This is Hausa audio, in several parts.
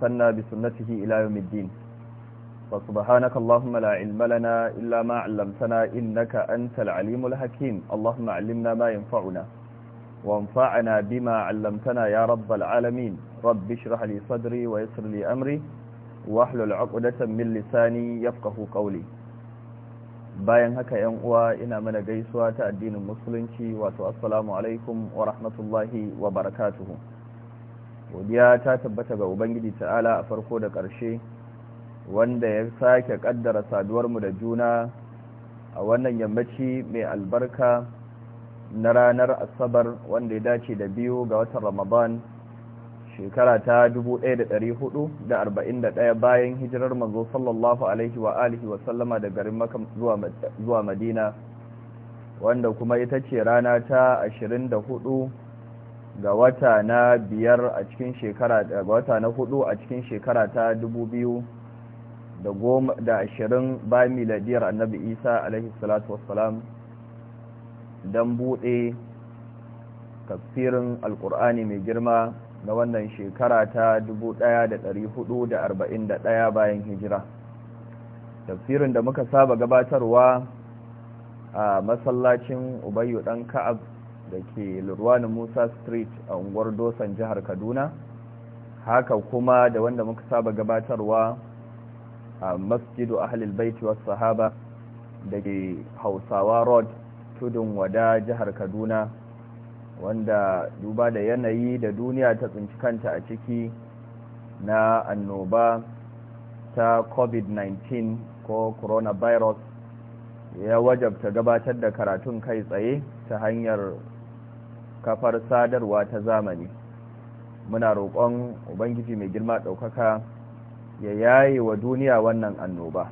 فنا بسنته إلى يوم الدين فسبحانك اللهم لا علم لنا إلا ما علمتنا إنك أنت العليم الحكيم اللهم علمنا ما ينفعنا وانفعنا بما علمتنا يا رب العالمين رب اشرح لي صدري ويسر لي أمري واحلل عقدة من لساني يفقه قولي bayan haka yan uwa ina mana gaisuwa ta addinin musulunci wato assalamu alaikum wa rahmatullahi wa barakatuhu godiya ta tabbata ga ubangiji ta'ala a farko da ƙarshe wanda ya sake ƙaddara mu da juna a wannan yammaci mai albarka na ranar asabar wanda ya dace da biyu ga watan ramadan shekara ta 1441 bayan hijirar manzo sallallahu alaihi wa alihi wa sallama da garin makam zuwa madina wanda kuma ita ce rana ta 24 ga wata na biyar a cikin shekara ga wata na hudu a cikin shekara ta dubu biyu da goma da ashirin ba miladiyar annabi isa alaihi salatu wassalam don buɗe tafsirin alkur'ani mai girma na wannan shekara ta dubu ɗaya da ɗari hudu da arba'in da ɗaya bayan hijira tafsirin da muka saba gabatarwa a masallacin ubayyu ɗan ka'ab da ke lurwani musa street a unguwar dosan jihar kaduna haka kuma da wanda muka saba gabatarwa a masjidu ahlul baiti wasu sahaba da ke hausawa road tudun wada jihar kaduna wanda duba da yanayi da duniya ta tsinci kanta a ciki na annoba ta covid-19 ko coronavirus ya wajabta gabatar da karatun kai tsaye ta hanyar kafar sadarwa ta zamani muna roƙon ubangiji mai girma ɗaukaka ya yaye wa duniya wannan annoba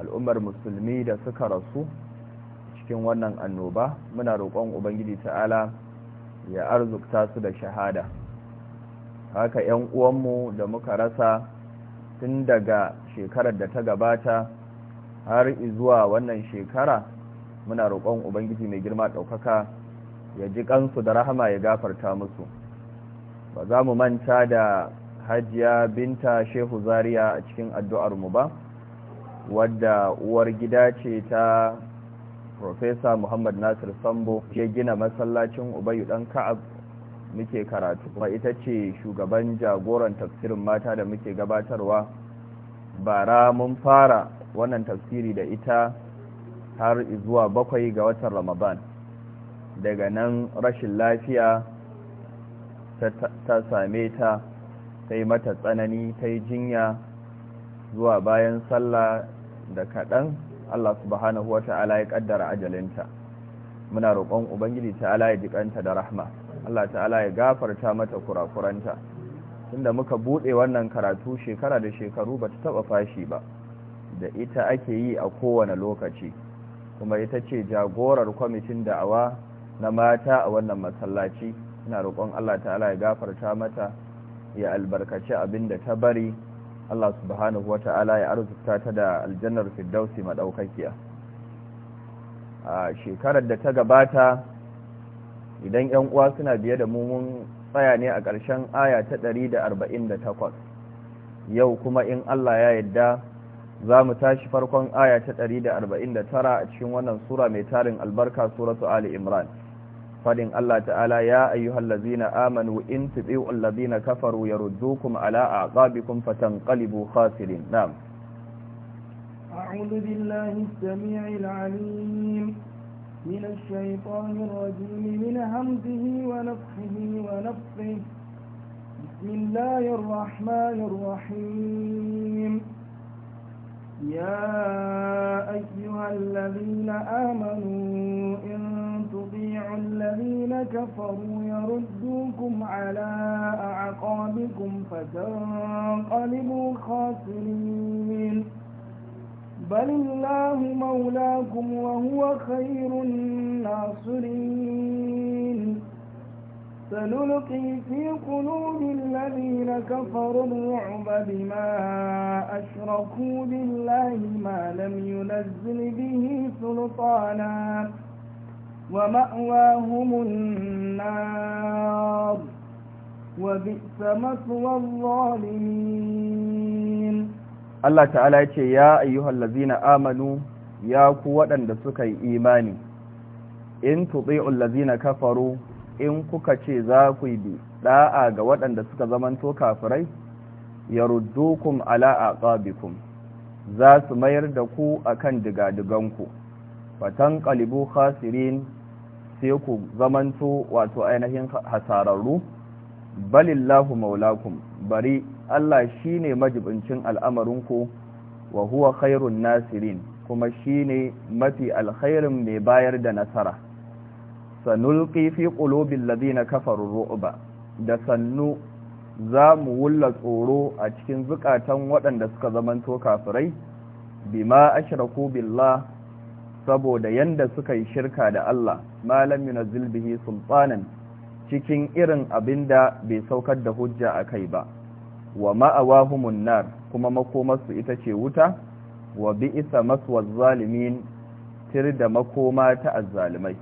al'ummar musulmi da suka rasu cikin wannan annoba muna roƙon ubangiji ta'ala ya arzukta su da shahada haka 'yan uwanmu da muka rasa tun daga shekarar da ta gabata har zuwa wannan shekara muna roƙon ubangiji mai girma ɗaukaka ya ji kansu da rahama ya gafarta musu ba za mu manta da hajiya binta shehu zaria a cikin addu'armu ba wadda uwar gida ce ta Profesa Muhammad Nasir Sambo ya gina masallacin Ubayu dan Ka'ab muke karatu kuma ita ce shugaban jagoran tafsirin mata da muke gabatarwa bara mun fara wannan tafsiri da ita har zuwa bakwai ga watan Ramadan daga nan rashin lafiya ta same ta ta mata tsanani ta yi jinya zuwa bayan sallah da kaɗan Allah subhanahu wa ta'ala ya ƙaddara ajalinta muna roƙon ubangiji ta'ala ya jiƙanta da rahma Allah ta'ala ya gafarta mata kurakuranta tunda muka buɗe wannan karatu shekara da shekaru ba ta taɓa fashi ba da ita ake yi a kowane lokaci kuma ita ce jagorar kwamitin da'awa na mata a wannan masallaci ina roƙon Allah ta'ala ya gafarta mata ya albarkaci abin da ta bari Allah subhanahu wata'ala ya arzuta ta da aljannar firdausi madaukakiya a shekarar da ta gabata idan yan uwa suna biye da mu mun tsaya ne a ƙarshen aya ta 148 yau kuma in Allah ya yarda za mu tashi farkon aya ta 149 a cikin wannan sura mai tarin albarka suratu ali imran fadin Allah ta'ala ya ayyuhallazina amanu in tuti'u allazina kafaru yaruddukum ala aqabikum fatanqalibu khasirin na'am a'udhu billahi as-sami'il من الشيطان الرجيم من همزه ونفخه ونفخه بسم الله الرحمن الرحيم يا أيها الذين آمنوا إن تطيعوا الذين كفروا يردوكم على أعقابكم فتنقلبوا خاسرين بل الله مولاكم وهو خير الناصرين سنلقي في قلوب الذين كفروا الرعب بما أشركوا بالله ما لم ينزل به سلطانا ومأواهم النار وبئس مثوى الظالمين الله تعالى يقول يا أيها الذين آمنوا يا قوة أن تسكي إيماني in tuti'u allazina kafaru in kuka ce za ku yi da'a ga waɗanda suka zamanto kafirai ya ruddukum ala'a tsabikun za su mayar da ku a kan digadiganku fatan ƙalibu khasirin sai ku zamanto wato ainihin hasararru balillahu maulakum bari Allah shi shine majibincin al'amarinku wa huwa khairun nasirin kuma shi ne mafi alkhairun mai bayar da nasara sanulki fi qulubil ladina kafaru ru'ba da sannu za mu wulla tsoro a cikin zukatan waɗanda suka zaman zamanto kafirai bima ashraku billah saboda yanda suka yi shirka da Allah malam yunzil bihi sultanan cikin irin abinda bai saukar da hujja akai ba wa ma'awahumun nar kuma makomarsu ita ce wuta wa bi'isa maswa zalimin tirda makoma ta azzalimai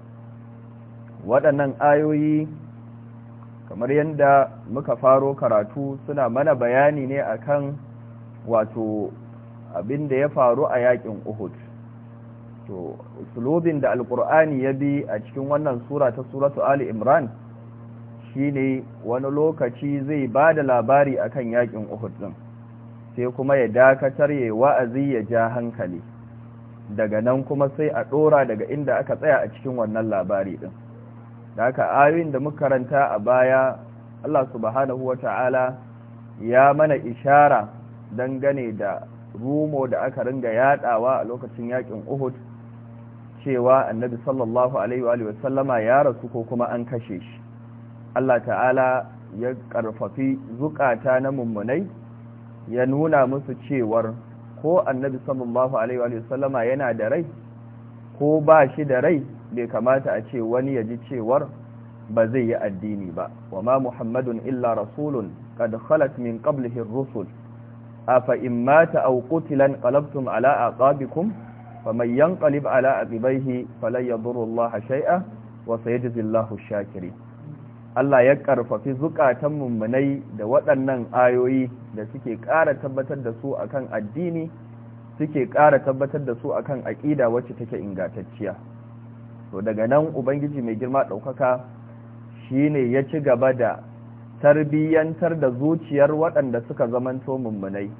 waɗannan ayoyi kamar yadda muka faro karatu suna mana bayani ne akan wato abin da ya faru a yakin uhud to sulubin da alkur'ani ya bi a cikin wannan sura ta suratu ali imran shine wani lokaci zai ba da labari akan yaƙin uhud din sai kuma ya dakatar ya wa'azi ya ja hankali daga nan kuma sai a ɗora daga inda aka tsaya a cikin wannan labari din da haka ayoyin da muka karanta a baya Allah subhanahu wata'ala ya mana ishara dangane da rumo da aka ringa yadawa a lokacin yakin Uhud cewa annabi sallallahu alaihi wa sallama ya rasu ko kuma an kashe shi Allah ta'ala ya karfafi zukata na mummunai ya nuna musu cewar ko annabi sallallahu alaihi wa sallama yana da rai ko ba shi da rai bai kamata a ce wani ya ji cewar ba zai yi addini ba wa ma muhammadun illa rasulun qad min qablihin rusul A in mata aw qutila qalabtum ala aqabikum faman yanqalib ala aqibaihi falan yadurru Allah shay'a wa sayajzi Allahu ash Allah ya ƙarfafi zukatan mummunai da waɗannan ayoyi da suke ƙara tabbatar da su akan addini suke ƙara tabbatar da su akan aƙida wacce take ingantacciya to daga nan ubangiji mai girma ɗaukaka shine ya ci gaba da tarbiyyantar da zuciyar waɗanda suka zamanto mummunai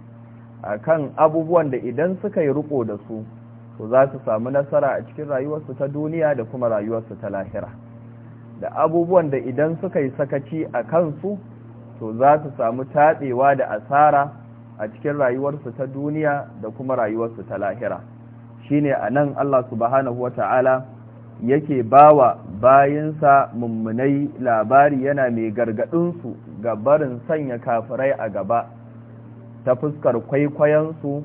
kan abubuwan da idan suka yi riko da su to za su samu nasara a cikin rayuwarsu ta duniya da kuma rayuwarsu ta lahira da abubuwan da idan suka yi sakaci a kansu to za su samu taɓewa da asara a cikin rayuwarsu ta duniya da kuma rayuwarsu ta lahira shine anan Allah subhanahu wata'ala yake bawa bayinsa mummunai labari yana mai gargadinsu ga barin sanya kafirai a gaba ta fuskar su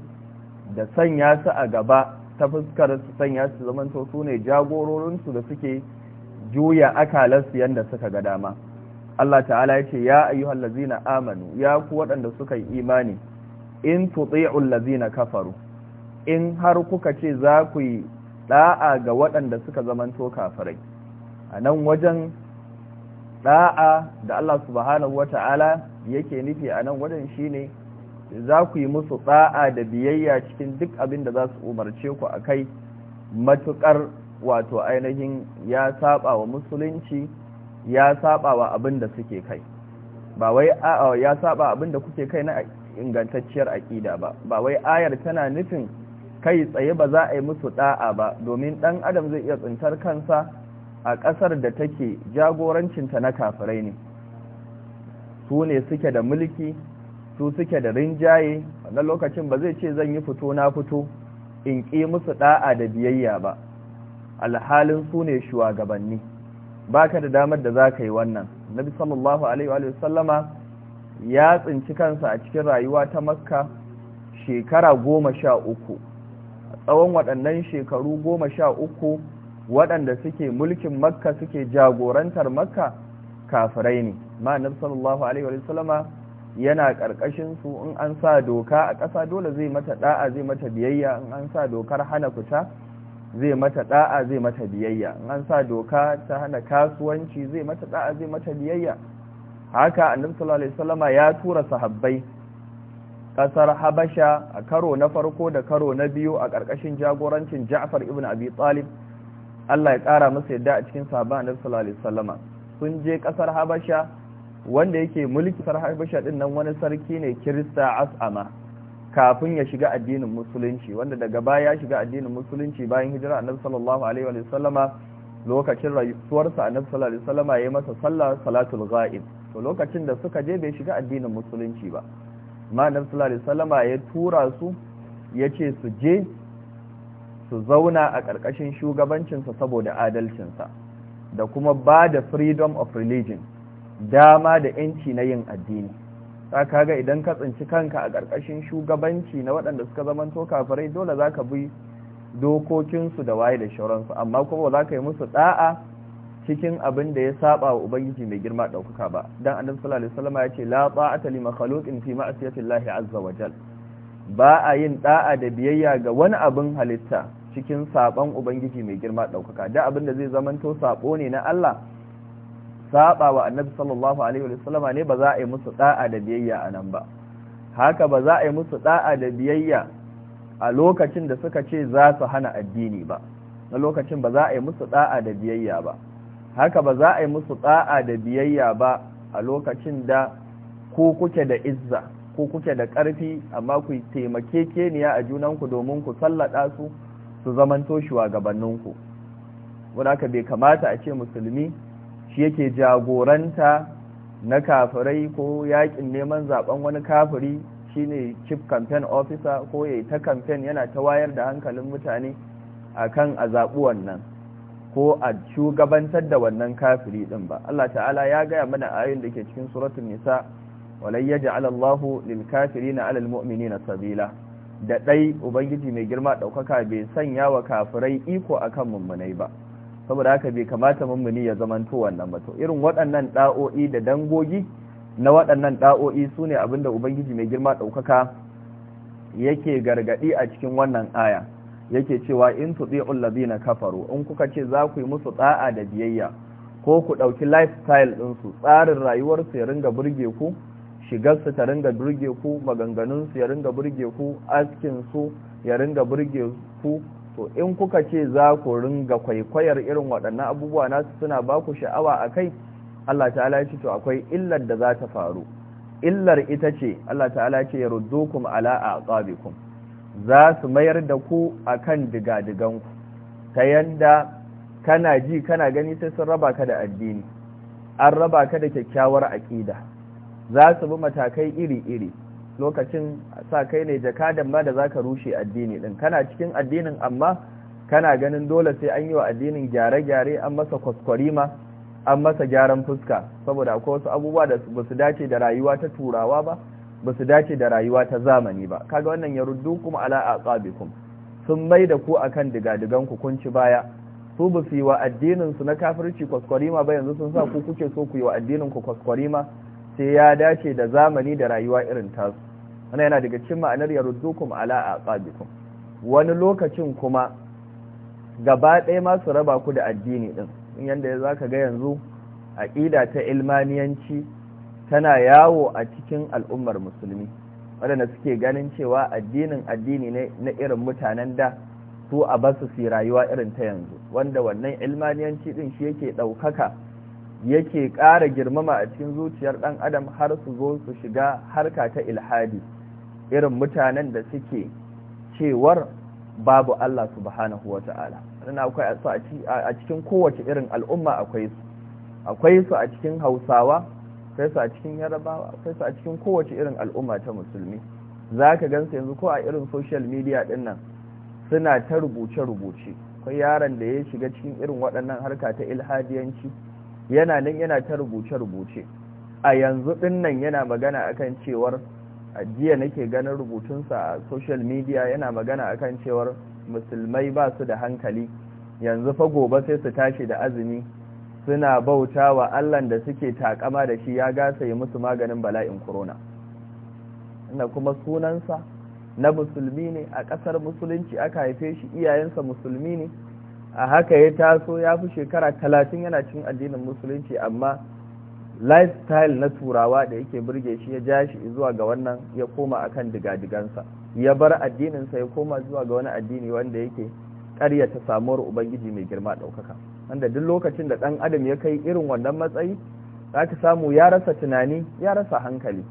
da sanya su a gaba ta fuskar su sanya su zamanto su ne jagororinsu da suke juya akalarsu yadda suka ga dama Allah ta'ala ya ce ya ayyuhal lazina amanu ya ku waɗanda suka yi imani in tuti'ul lazina kafaru in har kuka ce za ku yi da'a ga waɗanda suka zamanto kafirai a nan wajen da'a da Allah subhanahu wata'ala yake nufi a nan wajen shine za ku yi musu da'a da biyayya cikin duk abin da za su umarce ku a kai matuƙar wato ainihin ya saba wa musulunci ya saba wa abin da suke kai ba wai ya saba abin da kuke kai na ingantacciyar aƙida ba ba wai ayar tana nufin kai tsaye ba za a yi musu da'a ba domin dan adam zai iya tsintar kansa a ƙasar da take jagorancinta na kafirai ne su ne suke da mulki su suke da rinjaye wannan lokacin ba zai ce zan yi fito na fito in ƙi musu da'a da biyayya ba alhalin su ne shugabanni Ba ka da damar da za ka yi wannan nabi sallallahu alaihi wa sallama ya tsinci kansa a cikin rayuwa ta makka shekara goma sha uku tsawon waɗannan shekaru goma sha uku waɗanda suke mulkin makka suke jagorantar makka kafirai ne na sallallahu alaihi wa sallama yana ƙarƙashin su in an sa doka a ƙasa dole zai mata ɗa'a zai mata biyayya in an sa dokar hana fita zai mata ɗa'a zai mata biyayya in an sa doka ta hana kasuwanci zai mata ɗa'a zai mata biyayya haka annabi sallallahu alaihi wa sallama ya tura sahabbai ƙasar habasha a karo na farko da karo na biyu a ƙarƙashin jagorancin ja'far ibn abi talib allah ya ƙara masa yadda a cikin sabon annabi sallallahu alaihi wasallama sun je ƙasar habasha wanda yake mulki ƙasar habasha din nan wani sarki ne kirista as'ama kafin ya shiga addinin musulunci wanda daga baya ya shiga addinin musulunci bayan hijira annabi sallallahu alaihi wa sallama lokacin rayuwarsa annabi sallallahu alaihi wa sallama yayi masa sallah salatul ghaib to lokacin da suka je bai shiga addinin musulunci ba malam sallallahu Salama ya tura su ya ce su je su zauna a ƙarƙashin shugabancinsa saboda adalcinsa da kuma ba da freedom of religion dama da yanci na yin addini ta kaga idan ka tsinci kanka a ƙarƙashin shugabanci na waɗanda suka zamanto kafirai dole za ka bi dokokinsu da waye da shauransu amma kuma za ka yi musu ɗa'a cikin abin da ya saba wa ubangiji mai girma daukaka ba dan annabi sallallahu alaihi wasallam ya ce la ta'ata li makhluqin fi ma'siyati llahi azza wa jal ba a yin da'a da biyayya ga wani abin halitta cikin saban ubangiji mai girma daukaka da abin da zai to sabo ne na Allah saba wa annabi sallallahu alaihi wasallam ne ba za a yi musu da'a da biyayya anan ba haka ba za a yi musu da'a da biyayya a lokacin da suka ce za su hana addini ba na lokacin ba za a yi musu da'a da biyayya ba haka ba za a yi musu ɗa'a da biyayya ba a lokacin da ko kuke da izza ko kuke da ƙarfi amma ku taimake keniya a junanku domin ku sallaɗa su su zamanto gabaninku wadda haka bai kamata a ce musulmi shi yake jagoranta na kafirai ko yakin neman zaben wani kafiri shine chief campaign officer ko ya yi ta campaign yana ta wayar da hankalin mutane akan zaɓuwar nan. ko a shugabantar da wannan kafiri din ba Allah ta'ala ya gaya mana ayoyin da ke cikin suratul nisa walay yaj'al Allahu lil kafirina al mu'minina sabila da dai ubangiji mai girma daukaka bai sanya wa kafirai iko akan mummunai ba saboda haka bai kamata mummuni ya zamanto wannan ba to irin waɗannan da'o'i da dangogi na waɗannan da'o'i sune abinda ubangiji mai girma daukaka yake gargadi a cikin wannan aya yake cewa in tuti'u allazina kafaru in kuka ce za ku yi musu da'a da biyayya ko ku dauki lifestyle din su tsarin rayuwar su ya ringa burge ku shigar su ta ringa burge ku maganganun su ya ringa burge ku askin su ya ringa burge ku to in kuka ce za ku ringa kwaikwayar irin waɗannan abubuwa nasu suna ba ku sha'awa akai Allah ta'ala ya ce to akwai illar da za ta faru illar ita ce Allah ta'ala ya ce yaruddukum ala aqabikum za su mayar da ku a akan digadiganku ta yanda kana ji kana gani sai sun raba ka da addini an raba ka da kyakkyawar aƙida za su bi matakai iri-iri lokacin sa kai ne jaka da ma da za ka rushe addini ɗin kana cikin addinin amma kana ganin dole sai an yi wa addinin gyare-gyare an masa kwaskwarima an masa gyaran fuska saboda akwai wasu abubuwa da ba su dace da rayuwa ta turawa ba ba su dace da rayuwa ta zamani ba kaga wannan ya ruddu kuma ala aqabikum sun mai da ku akan digadigan ku kun ci baya su ba su yi wa addinin su na kafirci kwaskwarima ba yanzu sun sa ku kuke so ku yi wa addinin ku kwaskwarima sai ya dace da zamani da rayuwa irin tasu Wani yana daga cikin ma'anar ya ruddu kuma ala aqabikum wani lokacin kuma gaba ɗaya ma su raba ku da addini din yanda zaka ga yanzu aqida ta ilmaniyanci tana yawo a cikin al'ummar musulmi waɗanda suke ganin cewa addinin addini ne na irin mutanen da su a basu su rayuwa irin ta yanzu wanda wannan ilmaniyanci din shi yake ɗaukaka yake ƙara girmama a cikin zuciyar ɗan adam har su zo su shiga harka ta ilhadi irin mutanen da suke cewar babu Allah subhanahu wata'ala akwai a cikin kowace irin al'umma akwai su akwai su a cikin hausawa akwai a cikin yarabawa cikin kowace irin al'umma ta musulmi za ka gansu yanzu ko a irin social media din nan suna ta rubuce-rubuce akwai yaron da ya shiga cikin irin waɗannan harka ta ilhadiyanci yana nan yana ta rubuce-rubuce a yanzu din nan yana magana akan cewar jiya nake ganin rubutunsa a social media yana magana akan cewar musulmai ba su da hankali yanzu fa gobe sai su tashi da azumi suna bauta wa allahn da suke takama da shi ya gasa yi musu maganin bala'in corona kuma sunansa na musulmi ne a ƙasar musulunci aka haife shi iyayensa musulmi ne a haka ya taso ya fi shekara talatin yana cin addinin musulunci amma lifestyle na turawa da yake burge shi ya ja shi zuwa ga wannan ya koma akan digadigansa ya bar addininsa ya koma zuwa ga wani addini wanda yake ƙaryata samuwar ubangiji mai girma ɗaukaka wanda duk lokacin da ɗan adam ya kai irin wannan matsayi za ka samu ya rasa tunani ya rasa hankali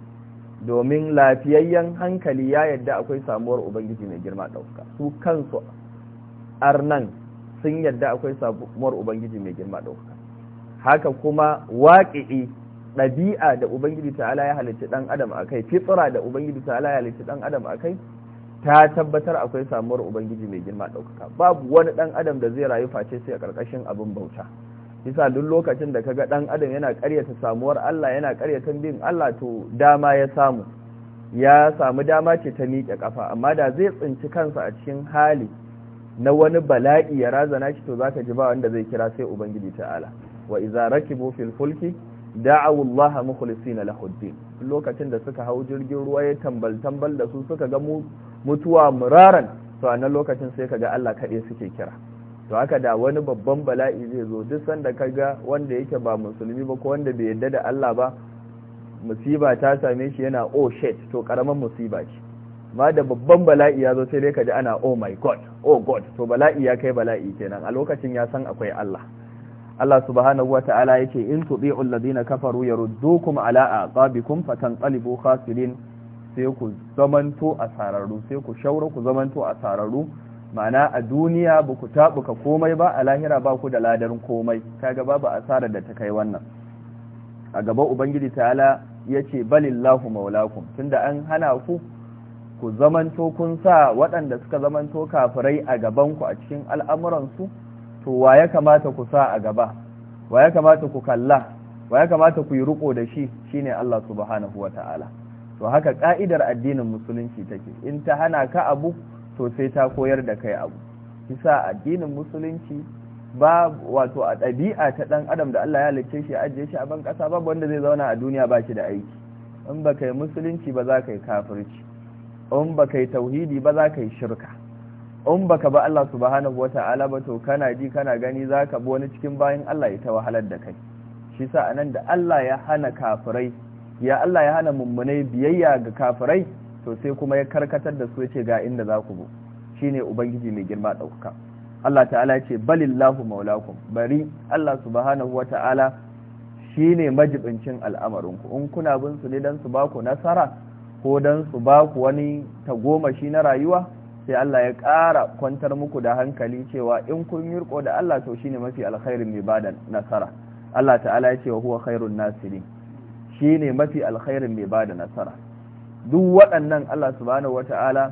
domin lafiyayyen hankali ya yadda akwai samuwar ubangiji mai girma ɗauka su kansu arnan sun yadda akwai samuwar ubangiji mai girma ɗauka haka kuma waƙi'i ɗabi'a da ubangiji ta'ala ya halitta ɗan adam a kai fitsura da ubangiji ta'ala ya halitta ɗan adam a kai ta tabbatar akwai samuwar ubangiji mai girma ɗaukaka babu wani ɗan adam da zai rayu face sai a karkashin abin bauta bisa duk lokacin da kaga dan adam yana karyata samuwar Allah yana karyata bin Allah to dama ya samu ya samu dama ce ta miƙe kafa amma da zai tsinci kansa a cikin hali na wani bala'i ya razana shi to zaka ji ba wanda zai kira sai ubangiji ta'ala wa idza rakibu fil fulki da'awu Allah mukhlisina lahu lokacin da suka hau jirgin ruwa ya tambal tambal da su suka ga mu mutuwa muraran to a nan lokacin sai kaga Allah kaɗai suke kira to haka da wani babban bala'i zai zo duk sanda kaga wanda yake ba musulmi ba ko wanda bai yadda da Allah ba musiba ta same shi yana oh shit to karaman musiba ce ma da babban bala'i ya zo sai dai kaji ana oh my god oh god to bala'i ya kai bala'i kenan a lokacin ya san akwai Allah Allah subhanahu wa ta'ala yake in tubi'u alladhina kafaru yaruddukum ala aqabikum fatanqalibu khasirin sai ku zamanto a sararu. sai ku shaura ku zamanto a sararu. ma'ana a duniya ba ku taɓuka komai ba a lahira ba ku da ladarin komai Ta kaga babu asarar da ta kai wannan a gaba ubangiji ta'ala ya ce balillahu maulakum tunda an hana ku ku zamanto kun sa waɗanda suka zamanto kafirai a gabanku a cikin al'amuransu to wa ya kamata ku sa a gaba wa ya kamata ku kalla wa ya kamata ku yi riko da shi shine Allah subhanahu wata'ala ta'ala to haka ka'idar addinin musulunci take in ta hana ka abu to sai ta koyar da kai abu kisa addinin musulunci ba wato a ɗabi'a ta ɗan adam da Allah ya halicce shi ajiye shi a ban ƙasa babu wanda zai zauna a duniya ba shi da aiki in ba kai musulunci ba za ka yi kafirci in ba kai tauhidi ba za ka yi shirka in ba ka ba Allah subhanahu wata'ala ba to kana ji kana gani za ka bi wani cikin bayan Allah ya ta wahalar da kai shi sa anan da Allah ya hana kafirai ya Allah ya hana mummunai biyayya ga kafirai to sai kuma ya karkatar da su ce ga inda za ku bu shine ubangiji mai girma dauka Allah ta'ala ya ce balillahu maulakum bari Allah subhanahu wata'ala shine majibincin al'amarinku in kuna bin su ne dan su ba ku nasara ko dan su ba ku wani shi na rayuwa sai Allah ya ƙara kwantar muku da hankali cewa in kun yi riko da Allah to shine mafi alkhairin mai ba da nasara Allah ta'ala ya ce wa huwa khairun nasirin shine mafi alkhairin mai bada nasara duk waɗannan Allah subhanahu wata'ala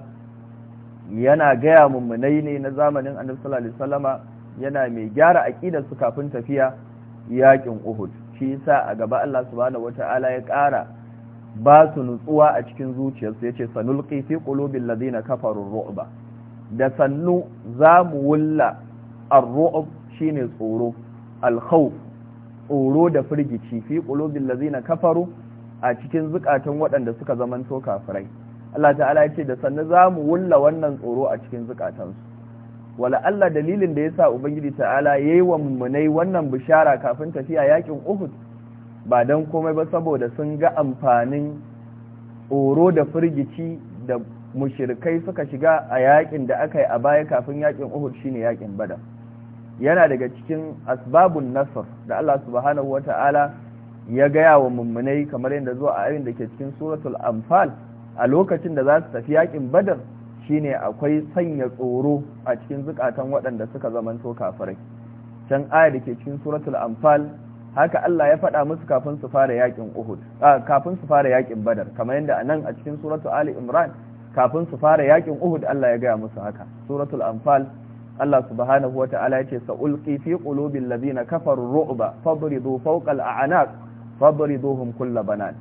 yana gaya mummunai ne na zamanin annabi sallallahu alaihi yana mai gyara aqidar su kafin tafiya yakin Uhud shi yasa a gaba Allah subhanahu wata'ala ya ƙara ba su nutsuwa a cikin zuciyarsu yace sanulqi fi qulubil ladina kafaru ru'ba da sannu zamu wulla ar-ru'b shine tsoro al-khawf tsoro da firgici fi kulubin lazina kafaru a cikin zukatan waɗanda suka zamanto kafirai Allah ta'ala ya ce da sannu mu wulla wannan tsoro a cikin zukatansu wala Allah dalilin da yasa ubangiji ta'ala yayi wa mummunai wannan bishara kafin tafiya yakin Uhud ba dan komai ba saboda sun ga amfanin tsoro da firgici da mushirikai suka shiga a yakin da aka yi a baya kafin yakin Uhud shine yakin Badar yana daga cikin asbabun nasar da Allah subhanahu ta'ala ya gaya wa mummunai kamar yadda zuwa a ayin da ke cikin suratul amfal a lokacin da za su tafi yakin badar shine akwai sanya tsoro a cikin zukatan waɗanda suka zamanto kafirai can aya da ke cikin suratul amfal haka Allah ya faɗa musu kafin su fara yakin Uhud kafin su fara yakin Badar kamar yadda a nan a cikin suratul Ali Imran kafin su fara yakin Uhud Allah ya gaya musu haka suratul amfal Allah subhanahu wata'ala yace ulqi fi qulubil ladina kafaru ru'ba fadridu fawqa al'anaq fadriduhum kull banan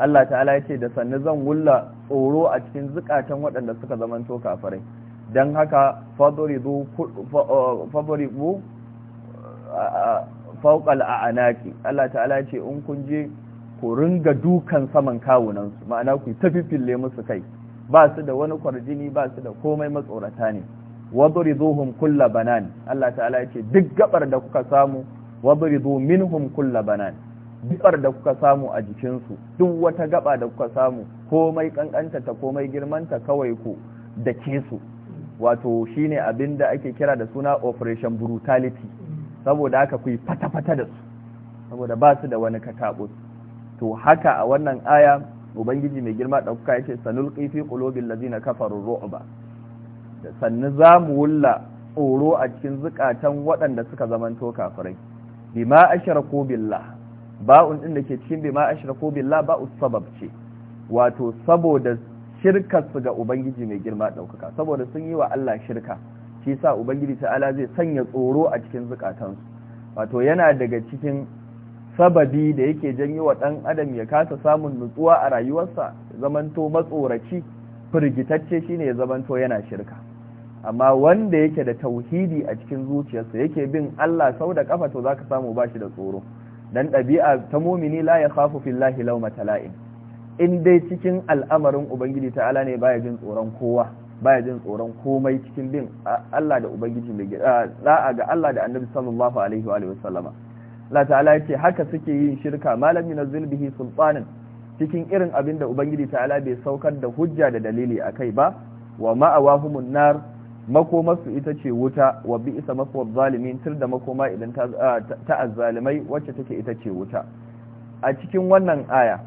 Allah ta'ala yace da sannu zan wulla tsoro a cikin zukatan waɗanda suka zamanto kafirai dan haka fadridu uh, fabridu uh, uh, fawqa al'anaqi Allah ta'ala yace in kun je ku ringa dukan saman kawunansu ma'ana ku tafifille musu kai ba su da wani kwarjini ba su da komai matsorata ne wadriduhum kulla banan Allah ta'ala yace duk gabar da kuka samu wadridu minhum kulla banan gabar da kuka samu a jikinsu. duk wata gaba da kuka samu komai kankanta ta komai girmanta kawai ku da ke su wato shine abinda ake kira da suna operation brutality saboda haka ku yi fata-fata da su saboda ba su da wani katabus to haka a wannan aya ubangiji mai girma ɗauka yake sanulqi fi qulubil ladina kafaru ru'ba sannu za mu wulla tsoro a cikin zukatan waɗanda suka zamanto kafirai bima ashraku billah ba'un din da ke cikin bima ashraku billah ba'u sabab ce wato saboda shirkar ga ubangiji mai girma ɗaukaka, saboda sun yi wa Allah shirka shi sa ubangiji ta'ala zai sanya tsoro a cikin zukatansu wato yana daga cikin sababi da yake janyo wa ɗan adam ya kasa samun nutsuwa a rayuwarsa zamanto matsoraci firgitacce shine ya zamanto yana shirka amma wanda yake da tauhidi a cikin zuciyarsa yake bin Allah sau da kafa to zaka samu bashi da tsoro dan ɗabi'a ta mumini la ya khafu fillahi lawmata la'in in dai cikin al'amarin ubangiji ta'ala ne baya jin tsoron kowa baya jin tsoron komai cikin bin Allah da ubangiji da da'a ga Allah da annabi sallallahu alaihi wa sallama Allah ta'ala yace haka suke yin shirka malami na bihi sultanan cikin irin abinda ubangiji ta'ala bai saukar da hujja da dalili akai ba wa ma'awahumun nar makomarsu ita ce wuta wa bi isa mafi zalimin tur da makoma idan ta zalimai wacce take ita ce wuta a cikin wannan aya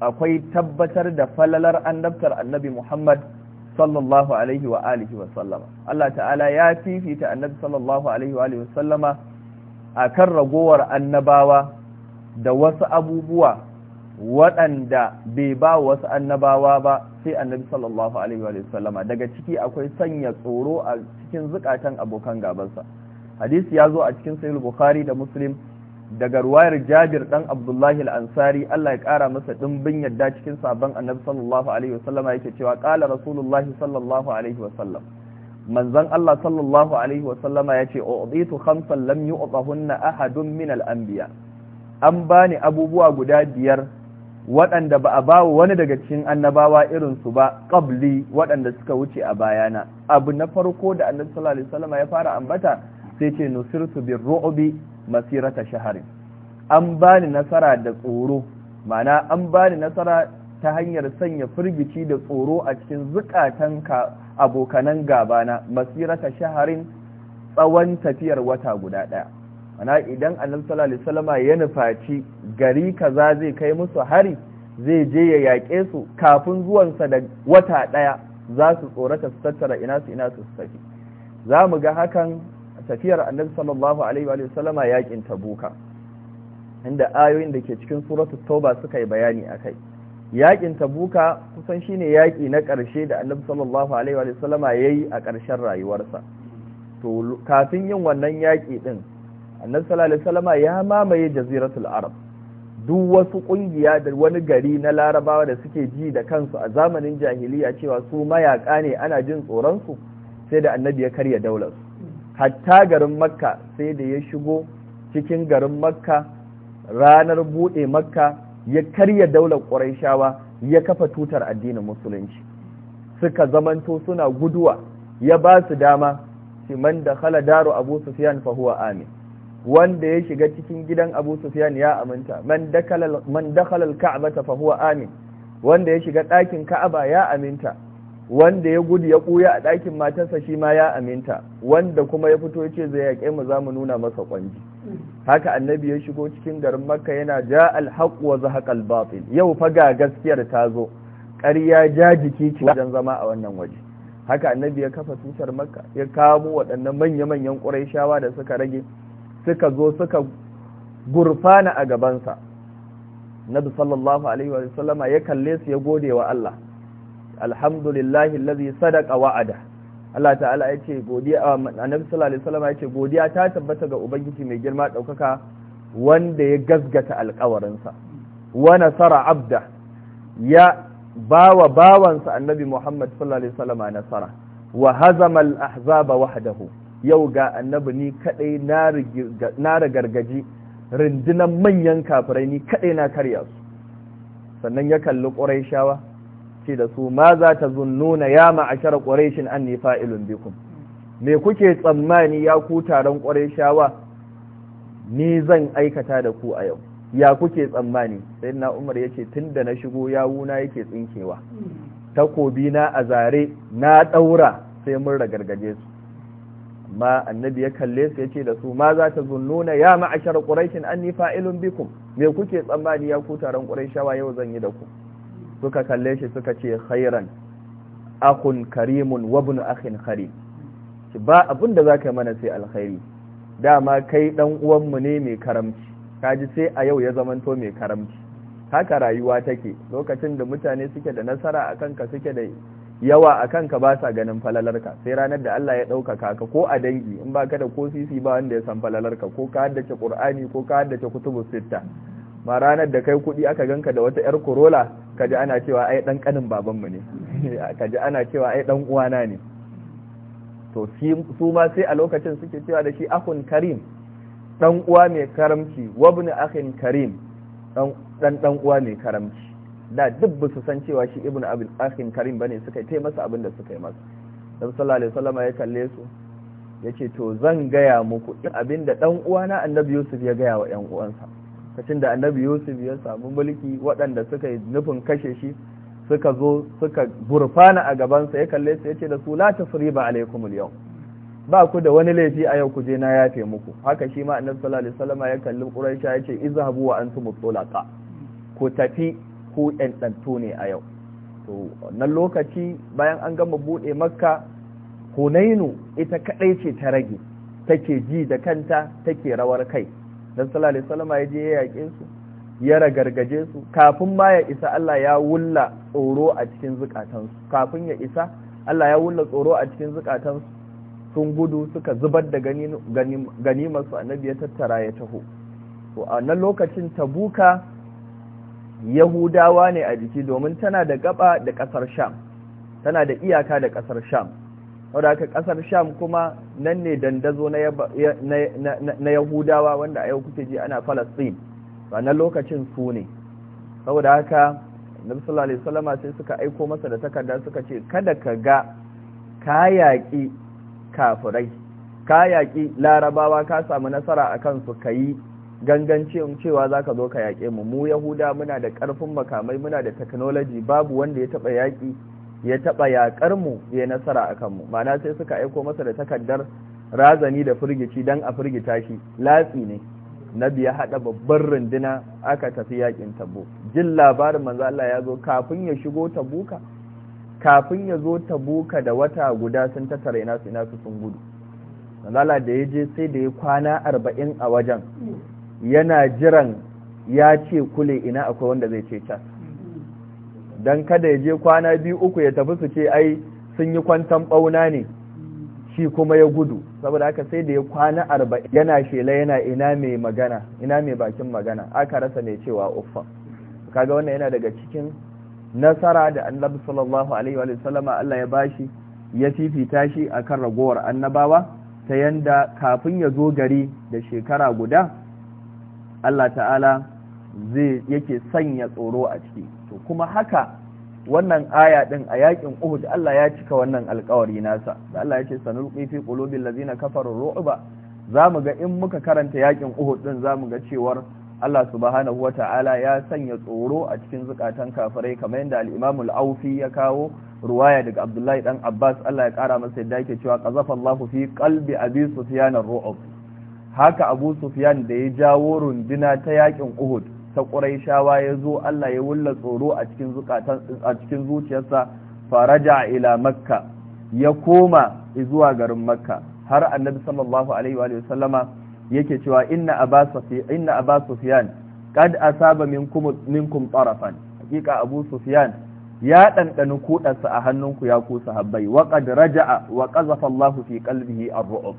akwai tabbatar da falalar annabtar annabi muhammad sallallahu alaihi wa alihi wa sallama Allah ta'ala ya fifita annabi sallallahu alaihi wa alihi wa sallama akan ragowar annabawa da wasu abubuwa waɗanda bai ba wasu annabawa ba sai annabi sallallahu alaihi wa sallama daga ciki akwai sanya tsoro a cikin zukatan abokan gabansa hadisi ya zo a cikin sahih bukhari da muslim daga ruwayar jabir dan abdullahi al-ansari Allah ya kara masa dimbin yadda cikin sabon annabi sallallahu alaihi wa sallama yake cewa qala rasulullahi sallallahu alaihi wa sallam manzon Allah sallallahu alaihi wa sallama yace u'titu khamsan lam yu'tahunna ahadun min al-anbiya an bani abubuwa guda biyar waɗanda ba a bawa wani daga cikin annabawa irinsu ba ƙabli waɗanda suka wuce a bayana abu na farko da annabi sallallahu alaihi wasallam ya fara ambata sai ce nusirtu bir ru'bi masirata shahrin an bani nasara da tsoro ma'ana an bani nasara ta hanyar sanya firgici da tsoro a cikin zukatan ka abokanan gabana masirata shaharin tsawon tafiyar wata guda ɗaya mana idan annabi sallallahu alaihi wasallama ya nufaci gari kaza zai kai musu hari zai je ya yaƙe su kafin zuwan sa da wata ɗaya za su tsorata su tattara ina su ina su tafi za mu ga hakan tafiyar annabi sallallahu alaihi wa sallama yaƙin tabuka inda ayoyin da ke cikin suratu tauba suka yi bayani akai yaƙin tabuka kusan shine yaƙi na ƙarshe da annabi sallallahu alaihi wa sallama yayi a ƙarshen rayuwarsa to kafin yin wannan yaƙi din annabi sallallahu ya mamaye jaziratul arab duk wasu kungiya da wani gari na larabawa da suke ji da kansu a zamanin jahiliya cewa su mayaka ne ana jin tsoron su sai da annabi ya karya daular hatta garin makka sai da ya shigo cikin garin makka ranar bude makka ya karya daular quraishawa ya kafa tutar addinin musulunci suka zamanto suna guduwa ya ba su dama man da khala daru abu sufyan fa huwa amin wanda ya shiga cikin gidan Abu Sufyan ya aminta man dakala man al fa huwa amin wanda ya shiga ɗakin Ka'aba ya aminta wanda ya gudu ya ɓuya a ɗakin matarsa shi ma ya aminta wanda kuma ya fito ce zai yaƙe mu za mu nuna masa kwanji haka annabi ya shigo cikin garin makka yana ja alhaq wa zahaqal batil yau fa ga gaskiyar ta zo ƙarya ja jiki ce wajen zama a wannan waje haka annabi ya kafa tutar makka ya kamo waɗannan manya-manyan ƙuraishawa da suka rage suka zo suka gurfana a gabansa nabi sallallahu alaihi wa sallama ya kalle su ya gode wa Allah alhamdulillahi allazi sadaqa wa'ada Allah ta'ala ya ce godiya annabi sallallahu alaihi wasallam ya ce godiya ta tabbata ga ubangiji mai girma daukaka wanda ya gazgata alƙawarinsa wa nasara abda ya bawa bawansa annabi Muhammad sallallahu alaihi wasallam nasara wa hazama al-ahzaba wahdahu yau ga annabi ni kadai na ragargaji rundunan manyan kafirai ni kadai na karya su sannan ya kalli ƙuraishawa ce da su ma za ta zununa ya ma'ashar ƙuraishin an ne fa'ilun bikum me kuke tsammani ya ku taron ƙuraishawa ni zan aikata da ku a yau ya kuke tsammani sai na umar ya ce tun da na shigo yawuna yake tsinkewa hmm. takobi na a zare na ɗaura sai mun ragargaje su amma annabi ya kalle su yace da su ma za ta zunnuna ya ma'ashar quraishin anni fa'ilun bikum me kuke tsammani ya ku taron quraishawa yau zan yi da ku suka kalle shi suka ce khairan akhun karimun wa ibn akhin kharim ba abun da zaka mana sai alkhairi dama kai dan uwan mu ne mai karamci kaji sai a yau ya zamanto mai karamci haka rayuwa take lokacin da mutane suke da nasara akan ka suke da yawa a kanka ba sa ganin falalarka sai ranar da Allah ya ɗaukaka ka ko a dangi in ba ka da ko sisi ba wanda ya san falalarka ko ka haddace ƙur'ani ko ka haddace kutubu sitta ma ranar da kai kuɗi aka ganka da wata 'yar korola ka ji ana cewa ai ɗan ƙanin babanmu ne ka ji ana cewa ai ɗan uwana ne to su ma sai a lokacin suke cewa da shi Ahun karim ɗan uwa mai karamci wabni akhin karim ɗan ɗan uwa mai karamci da duk ba su san cewa shi ibnu abul qasim karim bane suka yi masa abin da suka yi masa nabi sallallahu alaihi ya kalle su yace to zan gaya muku in abin da dan uwana annabi yusuf ya gaya wa yan uwansa kacin da annabi yusuf ya samu mulki waɗanda suka yi nufin kashe shi suka zo suka burfana a gabansa ya kalle su ce da su la tasriba alaikumul yau ba ku da wani laifi a yau ku je na yafe muku haka shi ma annabi sallallahu alaihi wasallam ya kalli quraisha yace izhabu wa antum tulaqa ku tafi ku ɗanɗanto ne a yau to nan lokaci bayan an gama buɗe maka, hunainu ita kaɗai ce ta rage take ji da kanta take rawar kai dan sallallahu alaihi ya je ya yaƙe su ya ragargaje su kafin ma ya isa Allah ya wulla tsoro a cikin zukatansu kafin ya isa Allah ya wulla tsoro a cikin zukatansu sun gudu suka zubar da ganimarsu annabi ya tattara ya taho to a nan lokacin tabuka yahudawa ne a jiki domin tana da gaba da ƙasar sham tana da iyaka da ƙasar sham wadda ƙasar sham kuma nan ne dandazo na yahudawa wanda a yau kuke ji ana falastin ranar lokacin su ne saboda haka nabi sallallahu salama sai suka aiko masa da takarda suka ce kada ka ga kayaki kafirai kayaki larabawa ka samu nasara a kansu ka yi. Gangan cewa za ka zo ka yaƙe mu mu yahuda muna da ƙarfin makamai muna da technology babu wanda ya taɓa yaƙi ya taɓa yaƙar mu ya nasara a kanmu ma'ana sai suka aiko masa da takardar razani da firgici don a firgita shi latsi ne na biya haɗa babbar runduna aka tafi yaƙin tabo jin labarin manzo Allah ya zo kafin ya shigo tabuka kafin ya zo tabuka da wata guda sun tattara ina su sun gudu manzo da ya je sai da ya kwana arba'in a wajen yana jiran ya ce kule ina akwai wanda zai ce can don kada ya je kwana biyu uku ya tafi su ce ai sun yi kwantan bauna ne shi kuma ya gudu saboda haka sai da ya kwana arba'in yana shela yana ina mai magana ina mai bakin magana aka rasa mai cewa uffa kaga wannan yana daga cikin nasara da annabi sallallahu alaihi wa sallama Allah ya bashi ya fifita shi akan ragowar annabawa ta yanda kafin ya zo gari da shekara guda Allah ta'ala zai yake sanya tsoro a ciki to kuma haka wannan aya din a yakin Uhud Allah ya cika wannan alƙawari nasa da Allah ya ce sanulqi fi qulubil ladina kafaru ru'ba zamu ga in muka karanta yakin Uhud din zamu ga cewar Allah subhanahu wata'ala ya sanya tsoro a cikin zukatan kafirai kamar yadda al-Imam al-Aufi ya kawo ruwaya daga Abdullahi dan Abbas Allah ya kara masa yadda yake cewa qazafa Allahu fi qalbi Abi Sufyan ar-ru'b haka abu sufyan da ya jawo runduna ta yakin uhud ta quraishawa ya zo Allah ya wulla tsoro a cikin zukatan a zuciyarsa faraja ila makka ya koma zuwa garin makka har annabi sallallahu alaihi wa sallama yake cewa inna aba sufyan inna sufyan kad asaba minkum minkum tarafan hakika abu sufyan ya ɗanɗani kuɗarsa a hannunku ya kusa habbai wa kad raja'a wa qazafa Allahu fi qalbihi ar-ru'ub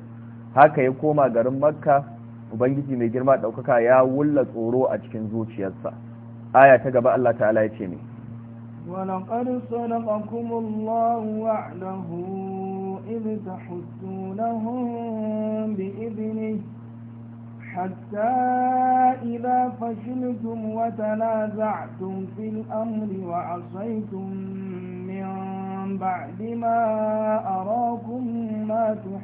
Haka ya koma garin Makka, Ubangiji mai girma ɗaukaka ya wula tsoro a cikin zuciyarsa. aya ta gaba Allah Taala Ya ce me. Walakarsa na hukumallar wacce da huwa, ina hatta ina fashilin tun wata nasa amri wa zai tunanin bac nima a roƙunan ta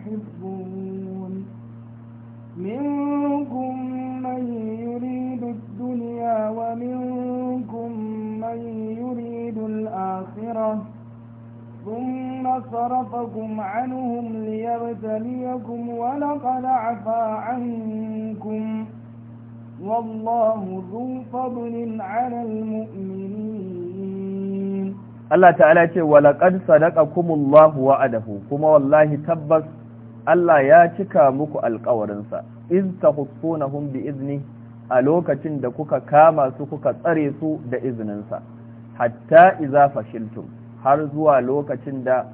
منكم من يريد الدنيا ومنكم من يريد الآخرة ثم صرفكم عنهم ليبتليكم ولقد عفا عنكم والله ذو فضل على المؤمنين الله تعالى يقول ولقد صدقكم الله وعده كما والله تبس Allah ya cika muku alƙawarinsa iz na bi izini a lokacin da kuka kama su kuka tsare su da izininsa hatta iza fashiltum har zuwa lokacin da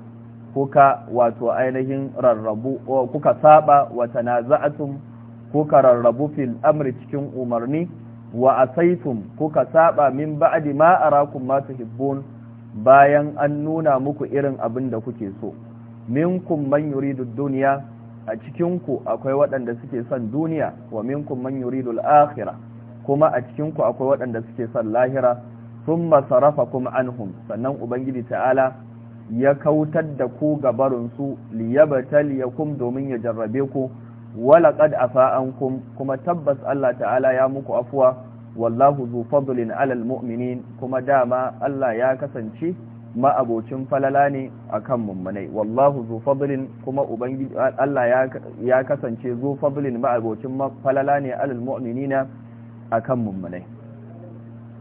kuka wato ainihin rarrabu kuka saba wa tanaza'atum kuka rarrabu fil amri cikin umarni wa asaitum kuka saba min ba'di ma arakum ma tuhibbun bayan an nuna muku irin abin da kuke so minkum man yuridu dunya a cikinku akwai waɗanda suke son duniya wa minkum man yuridu al-akhirah kuma a cikinku akwai waɗanda suke son lahira thumma sarafakum anhum sannan ubangiji ta'ala ya kautar da ku gabarin su liyabtaliyakum domin ya jarrabe ku wala a sa'an ku. kuma tabbas Allah ta'ala ya muku afwa wallahu zu fadlin alal mu'minin kuma dama Allah ya kasance ma'abocin falala ne akan mummunai wallahu zo fadlin kuma ubangiji Allah ya kasance zu fadlin ma'abocin falala ne alal mu'minina akan mummunai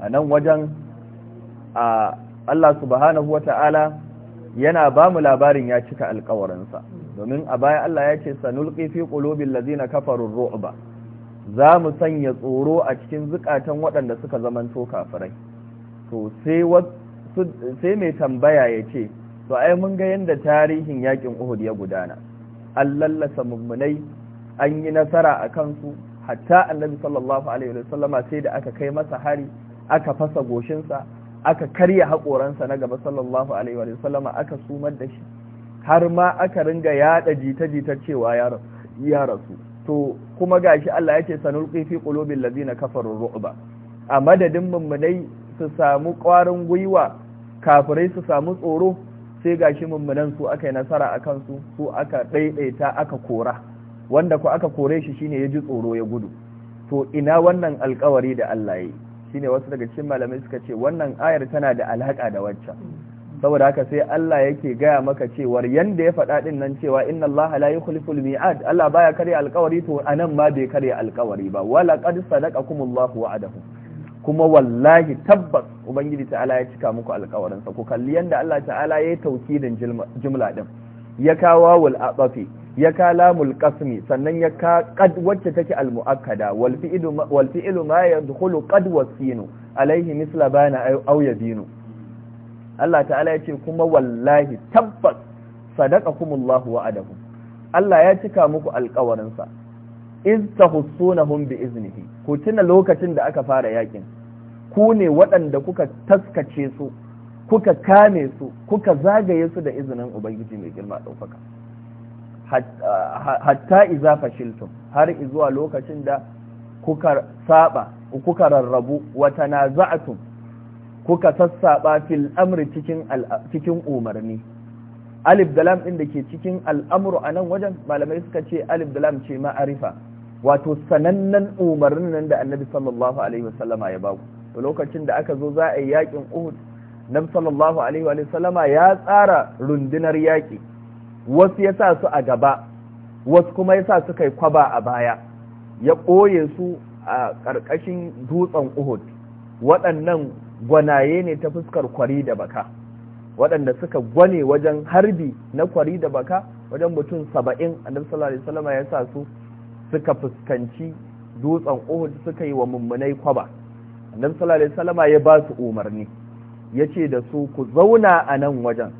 a nan wajen a Allah subhanahu ta'ala yana ba mu labarin ya cika alkawarinsa domin a baya Allah ya ce ƙifi ƙulobin lazina ladina kafaru za mu sanya tsoro a cikin zukatan waɗanda suka zamanto kafirai to sai sai mai tambaya ya ce to ai mun ga yadda tarihin yakin uhud ya gudana an lallasa mummunai an yi nasara a kansu hatta annabi sallallahu alaihi wasallama sai da aka kai masa hari aka fasa goshinsa aka karya haƙoransa na gaba sallallahu alaihi wasallama aka sumar da shi har ma aka ringa yada jita-jita cewa ya rasu to kuma gashi Allah ya ce sanulqi fi qulubil ladina kafaru ru'ba a madadin mummunai su samu ƙwarin gwiwa kafirai su samu tsoro sai ga shi mummunan su aka yi nasara a kansu su aka ɗaiɗaita aka kora wanda ku aka kore shi shine ya ji tsoro ya gudu to ina wannan alkawari da Allah ya yi shine wasu daga cikin malamai suka ce wannan ayar tana da alhaka da waccan saboda haka sai Allah yake gaya maka cewar yanda ya faɗa din nan cewa inna Allah la yukhliful mi'ad Allah baya karya alkawari to anan ma bai karya alkawari ba wala qad sadaqakumullahu wa'adahu kuma wallahi tabbas ubangiji ta'ala ya cika muku alkawarinsa ku kalli yanda Allah ta'ala ya yi taukidin jimla din ya kawo wal aqafi ya ka lamul qasmi sannan ya ka qad wacce take al muakkada wal fi'lu wal fi'lu ma yadkhulu qad wasinu alaihi misla bana aw yabinu Allah ta'ala ya ce kuma wallahi tabbas sadaqakumullahu wa'adahu Allah ya cika muku alkawarinsa iz tahussunahum bi iznihi ko tuna lokacin da aka fara yakin ku ne waɗanda kuka taskace su kuka kame su kuka zagaye su da izinin ubangiji mai girma ɗaukaka ah, hatta iza fashiltum har izuwa lokacin da kuka saba kuka rarrabu wata naza'atum kuka sassaba fil amri cikin cikin umarni alif dalam din da ke cikin al'amru anan wajen malamai suka ce alif dalam ce ma'arifa wato sanannen umarnin nan da annabi sallallahu alaihi wasallama ya baku lokacin da aka zo za a yi yakin uhud nabi sallallahu alaihi wasallama ya tsara rundunar yaki wasu ya sa su a gaba wasu kuma ya sa su kai kwaba a baya ya ɓoye su a ƙarƙashin dutsen uhud waɗannan gwanaye ne ta fuskar kwari da baka waɗanda suka gwane wajen harbi na kwari da baka wajen mutum saba'in annabi sallallahu alaihi wasallama ya sa su suka fuskanci dutsen Uhud suka yi wa mummunai kwaba annabi sallallahu alaihi wasallama ya ba su umarni yace da su ku zauna a nan wajen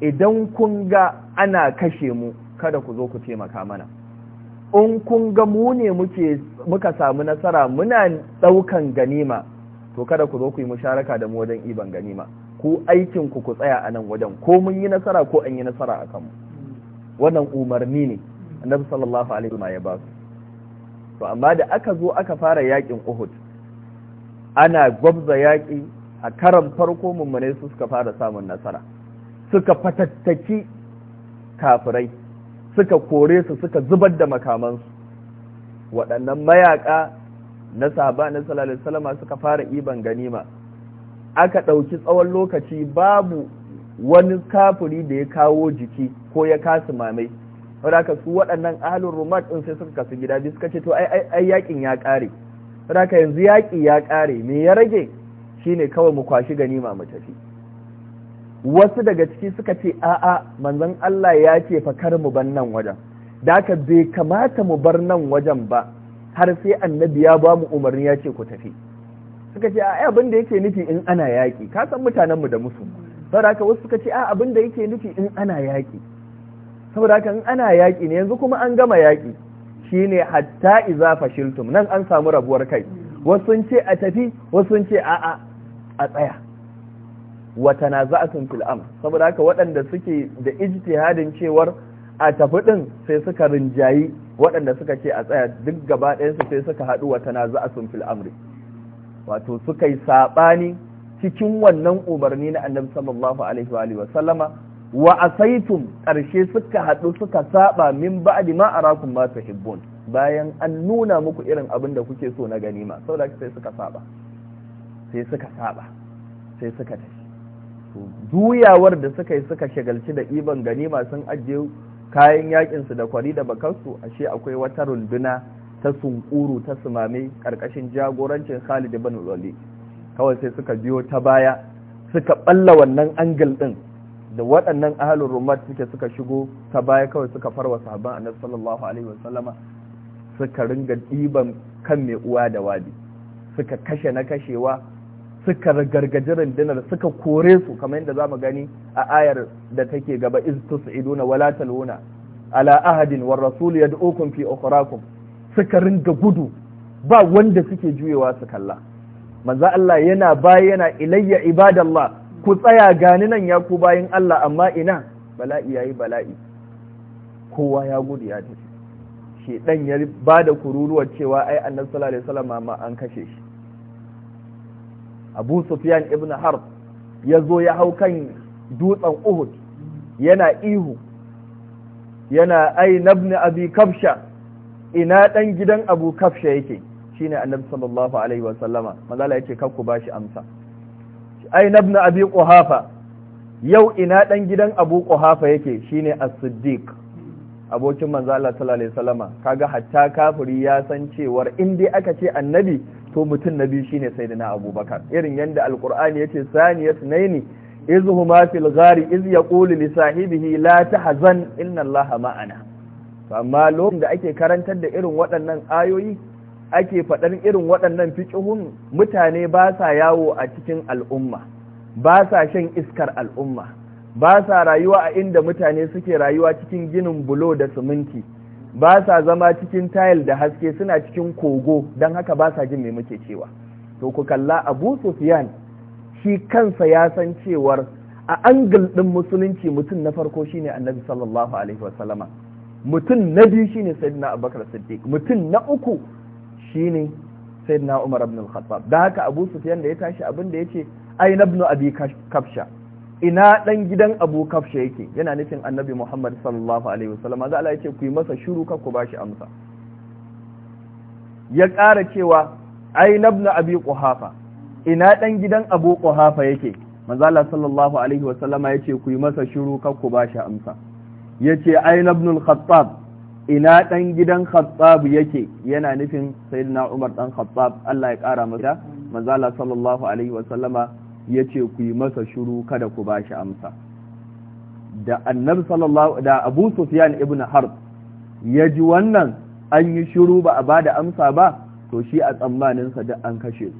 idan kun ga ana kashe mu kada ku zo ku taimaka mana in kun ga mu ne muke muka samu nasara muna daukan ganima to kada ku zo ku yi musharaka da mu wajen iban ganima ku aikin ku ku tsaya a nan wajen ko mun yi nasara ko an yi nasara a kanmu wannan umarni ne annabi sallallahu alaihi wasallam ya ba su to amma da aka zo aka fara yakin Uhud ana gwabza yaki a karan farko mummune su suka fara samun nasara suka fatattaki kafirai suka kore su suka zubar da makamansu waɗannan mayaka na sahaba na sallallahu alaihi wasallam suka fara iban ganima aka ɗauki tsawon lokaci babu wani kafuri da ya kawo jiki ko ya kasu mamai saboda su waɗannan ahlul rumat din sai suka kasu gida biyu suka ce to ai ai yakin ya kare saboda yanzu yaki ya kare me ya rage shine kawai mu kwashi ganima mu tafi wasu daga ciki suka ce a'a manzon Allah ya ce fa kar mu bar nan wajen da ka bai kamata mu bar nan wajen ba har sai annabi ya ba mu umarni ya ce ku tafi suka ce a abin da yake nufi in ana yaƙi ka san mutanenmu da musu saboda haka wasu suka ce a abin da yake nufi in ana yaƙi saboda haka ana yaƙi ne yanzu kuma an gama yaƙi shine hatta iza fashiltum nan an samu rabuwar kai wasu sun ce a tafi wasu sun ce a'a a tsaya wa tanaza'atun fil amr saboda haka waɗanda suke da ijtihadin cewar a tafi din sai suka rinjayi waɗanda suka ce a tsaya duk gaba ɗayansu sai suka haɗu wa tanaza'atun fil amri wato suka yi saɓani cikin wannan umarni na annabi sallallahu alaihi wa sallama wa asaitum ƙarshe suka haɗu suka saba min ba'di ma arakum ma tuhibbun bayan an nuna muku irin abin da kuke so na ganima saboda sai suka saba sai suka saba sai suka tafi duyawar da suka yi suka shagalci da iban ganima sun ajiye kayan yakin su da kwari da bakansu ashe akwai wata runduna ta sunkuru ta sumame karkashin jagorancin Khalid ibn Walid kawai sai suka biyo ta baya suka balla wannan angle din da waɗannan ahalin rumat suke suka shigo ta baya kawai suka farwa sahabban annabi sallallahu alaihi wasallama suka ringa ɗiban kan mai uwa da wabi suka kashe na kashewa suka gargaji rundunar suka kore su kamar yadda za mu gani a ayar da take gaba iz tus'iduna wala taluna ala ahadin war rasul yad'ukum fi ukhrakum suka ringa gudu ba wanda suke juyewa su kalla Manza Allah yana baya ilayya ibadallah ku tsaya gani nan ya ku bayin Allah amma ina bala'i yayi bala'i kowa ya gudu ya tafi dan ya ba da kururuwar cewa ai annabi sallallahu alaihi wasallam ma an kashe shi Abu Sufyan ibn Harb ya zo ya hau kan dutsen Uhud yana ihu yana ai nabni abi kafsha ina dan gidan abu kafsha yake shine annabi sallallahu alaihi wasallama manzala yace kakku bashi amsa ai nabna abi quhafa yau ina dan gidan abu quhafa yake shine as-siddiq abokin manzo Allah sallallahu alaihi wasallama kaga hatta kafiri ya san cewar in dai aka ce annabi to mutum nabi shine sayyidina abubakar irin yanda alqur'ani yace saniyat naini izhuma fil ghari ya yaqulu li sahibihi la tahzan inna allaha ma'ana amma lokacin da ake karantar da irin waɗannan ayoyi ake faɗar irin waɗannan fiƙihun mutane ba sa yawo a cikin al'umma ba sa shan iskar al'umma ba sa rayuwa a inda mutane suke rayuwa cikin ginin bulo da siminti ba sa zama cikin tayil da haske suna cikin kogo don haka ba sa jin mai muke cewa to ku kalla abu sufyan shi kansa ya san cewar a angle ɗin musulunci mutum na farko shine annabi sallallahu alaihi wasallama mutum na biyu shine sayyidina abubakar siddiq mutum na uku sai na Umar ibn al-Khattab da haka Abu Sufyan da ya tashi abin da ce ayin ibn Abi Kafsha ina dan gidan Abu Kafsha yake yana nufin Annabi Muhammad sallallahu alaihi wasallam da Allah ce ku yi masa shiru ka ku bashi amsa ya ƙara cewa ayin ibn Abi Quhafa ina dan gidan Abu Quhafa yake manzo Allah sallallahu alaihi ya ce ku yi masa shiru ka ku bashi amsa yace ce ibn al-Khattab ina ɗan gidan khattab yake yana nufin sayyidina umar ɗan khattab Allah ya ƙara masa manzala sallallahu alaihi wasallama ya ce ku yi masa shuru kada ku ba shi amsa da annabi sallallahu da abu sufyan ibn harb ya ji wannan an yi shuru ba a ba da amsa ba to shi a tsammaninsa duk an kashe su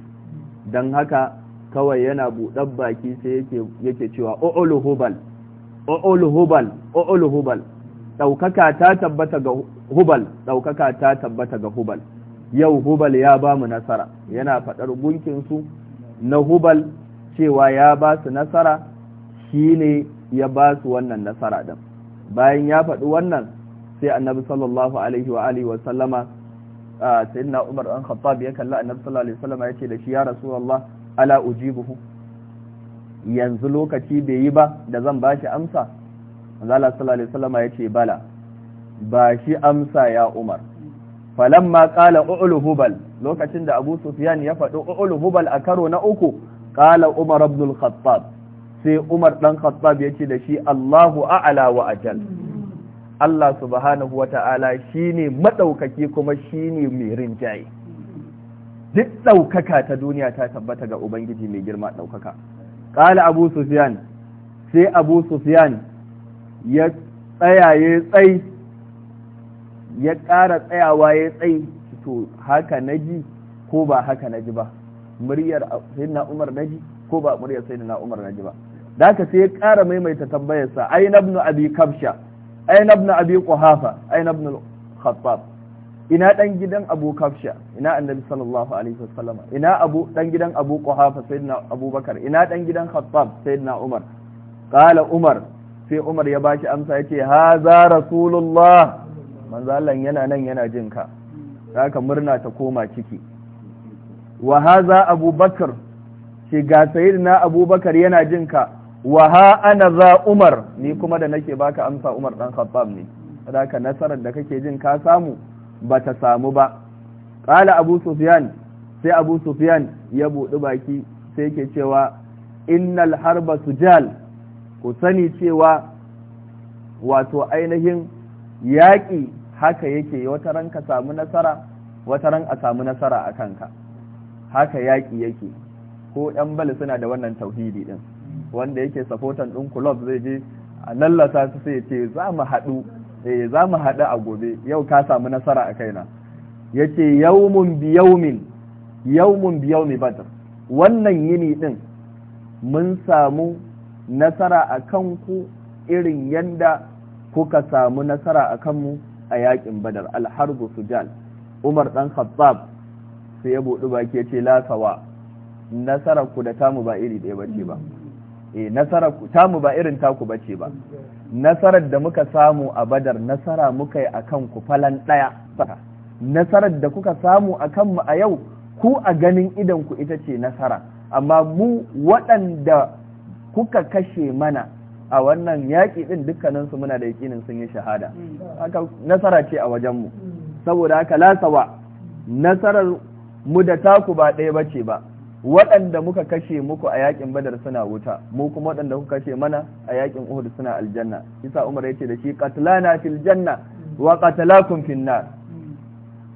don haka kawai yana buɗar baki sai yake cewa o'olu hubal o'olu ɗaukaka ta tabbata ga hubal ɗaukaka ta tabbata ga hubal yau hubal ya ba mu nasara yana faɗar gunkinsu na hubal cewa ya ba su nasara shi ne ya ba su wannan nasara ɗin bayan ya faɗi wannan sai annabi sallallahu alaihi wa alihi wa sallama na Umar an Khattab ya kalla annabi sallallahu alaihi wa sallama yace da shi ya rasulullah ala ujibuhu yanzu lokaci bai yi ba da zan bashi amsa Allah sallallahu alaihi wasallam ya ce bala ba shi amsa ya Umar falamma qala ulu hubal lokacin da Abu Sufyan ya faɗi ulu hubal a karo na uku qala Umar ibn al-Khattab sai Umar dan Khattab ya ce da shi Allahu a'la wa ajal Allah subhanahu wata'ala shine madaukaki kuma shine mai rinjaye duk daukaka ta duniya ta tabbata ga Ubangiji mai girma daukaka qala Abu Sufyan sai Abu Sufyan ya tsayaye tsai ya ƙara tsayawa ya tsai to haka na ji ko ba haka na ji ba muryar sai na Umar na ji ko ba muryar sai na Umar na ji ba da haka sai ya ƙara maimaita tambayarsa Ai aina ibn abi kabsha aina abin abi ai na ibn khattab ina dan gidan abu kabsha ina annabi sallallahu alaihi wasallama ina abu dan gidan abu kuhafa sai na abubakar ina dan gidan khattab na umar qala umar sai Umar ya bashi amsa ya yace haza rasulullah manzalan yana nan yana jin ka murna ta koma ciki wa za abubakar shi ga sayyidina abubakar yana jin ka wa ha ana za umar ni kuma da nake baka amsa umar dan khattab ne haka nasarar da kake jin ka samu bata samu ba qala abu sufyan sai abu sufyan ya buɗi baki sai ke cewa innal harba sujal ku sani cewa wato ainihin yaƙi haka yake wata ran ka samu nasara wata ran a samu nasara a kanka haka yaƙi yake ko ɗan bali suna da wannan tauhidi ɗin wanda yake safotan ɗin kulob zai je a lallata su sai ce za mu haɗu eh, za mu haɗu a gobe yau ka samu nasara a kaina ya ce yaumun biyaumin yaumun biyaumi badar wannan yini ɗin mun samu nasara a kanku irin yanda kuka samu nasara a kanmu a yakin badar alharbu sujal umar dan khattab sai ya buɗi baki yace la sawa nasarar ku da tamu ba iri ɗaya bace ba eh nasarar ku tamu ba irin taku bace ba nasarar da muka samu a badar nasara muka yi akan ku falan ɗaya nasarar da kuka samu a kanmu a yau ku a ganin idan ku ita ce nasara amma mu waɗanda kuka kashe mana a wannan yaƙi ɗin dukkaninsu muna da yaƙinin sun yi shahada haka nasara ce a wajenmu saboda haka lasawa nasarar mu da taku ba ɗaya ba ce ba waɗanda muka kashe muku a yaƙin badar suna wuta mu kuma waɗanda kuka kashe mana a yaƙin uhud suna aljanna isa umar yace da shi fil janna wa fin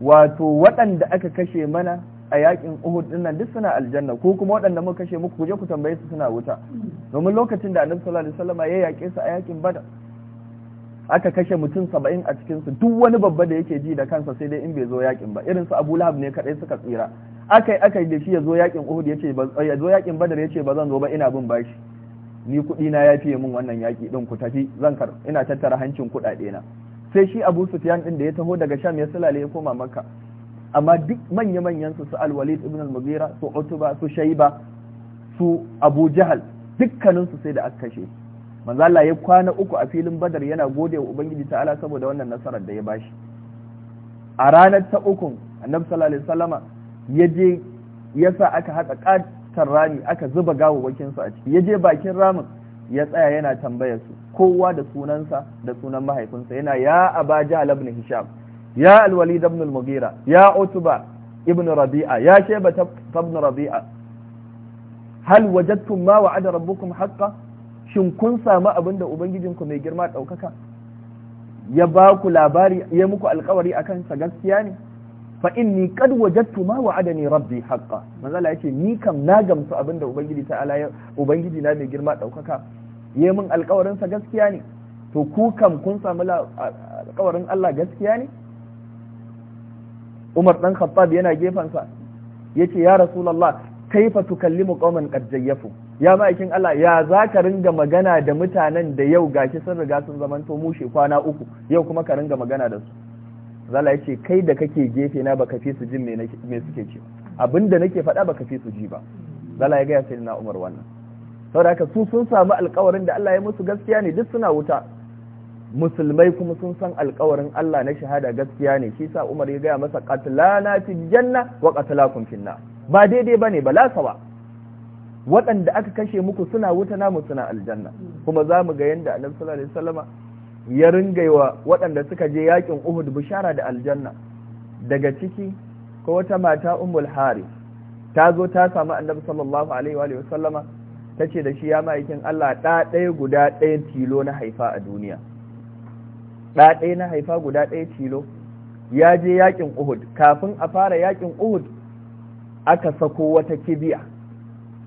wato waɗanda aka kashe mana a yakin Uhud din duk suna aljanna ko kuma waɗanda muka kashe muku kuje ku tambaye su suna wuta domin lokacin da Annabi sallallahu alaihi wasallam ya yake su a yakin Badr aka kashe mutum 70 a cikin su duk wani babba da yake ji da kansa sai dai in bai zo yakin ba irin su Abu Lahab ne kadai suka tsira akai akai da shi ya zo yakin Uhud yace ba ya zo yakin Badr yace ba zan zo ba ina bin bashi ni kuɗi na ya fiye min wannan yaki din ku tafi zan kar ina tattara hancin kuɗaɗe na sai shi Abu Sufyan din da ya taho daga Sham ya sulale ya koma Makka amma duk manya-manyan su al alwalid ibn al su utuba su shaiba su abu jahal dukkanin sai da aka kashe manzo ya kwana uku a filin badar yana gode wa ubangiji ta'ala saboda wannan nasarar da ya bashi a ranar ta uku annabi sallallahu alaihi wasallama ya je yasa aka haka katar rami aka zuba gawawwakin su a ciki ya je bakin ramin ya tsaya yana tambayar su kowa da sunansa da sunan mahaifinsa yana ya abaja labni hisham ya al-walid ibn al-mughira ya utba ibn rabi'a ya shayba ibn rabi'a hal wajadtum ma wa'ada rabbukum haqqan shin kun samu abinda ubangijinku mai girma ɗaukaka? ya ba ku labari ya muku alkawari akan sa gaskiya ne fa inni qad wajadtu ma wa'ada wa'adani rabbi haqqan manzala yace ni kam na gamsu abinda ubangiji ta ala ubangiji na mai girma ɗaukaka? Ya mun alkawarin sa gaskiya ne to ku kam kun samu alkawarin Allah gaskiya ne Umar dan Khattab yana gefansa yace ya rasulallah kaifa tukallimu qauman qad jayyafu ya ma'aikin Allah ya za ka ringa magana da mutanen da yau gashi sun riga sun zamanto mushe kwana uku yau kuma ka ringa magana da su zala ce kai da kake gefe na baka fi su jin me suke ce da nake faɗa baka fi su ji ba zala ya gaya sai na Umar wannan saboda haka su sun samu alƙawarin da Allah ya musu gaskiya ne duk suna wuta musulmai kuma sun san alkawarin Allah na shahada gaskiya ne shi sa Umar ya gaya masa qatlana fil janna wa qatlakum fil ba daidai bane bala sawa waɗanda aka kashe muku suna wuta namu suna aljanna kuma za mu ga yadda Annabi sallallahu alaihi wasallama ya ringaiwa waɗanda suka je yakin Uhud bishara da aljanna daga ciki ko wata mata Ummul Harith ta zo ta samu Annabi sallallahu alaihi wa tace da shi ya ma'aikin Allah ɗa ɗaya guda ɗaya tilo na haifa a duniya ɗa ɗaya na haifa guda ɗaya tilo ya je yakin uhud kafin a fara yakin uhud aka sako wata kibiya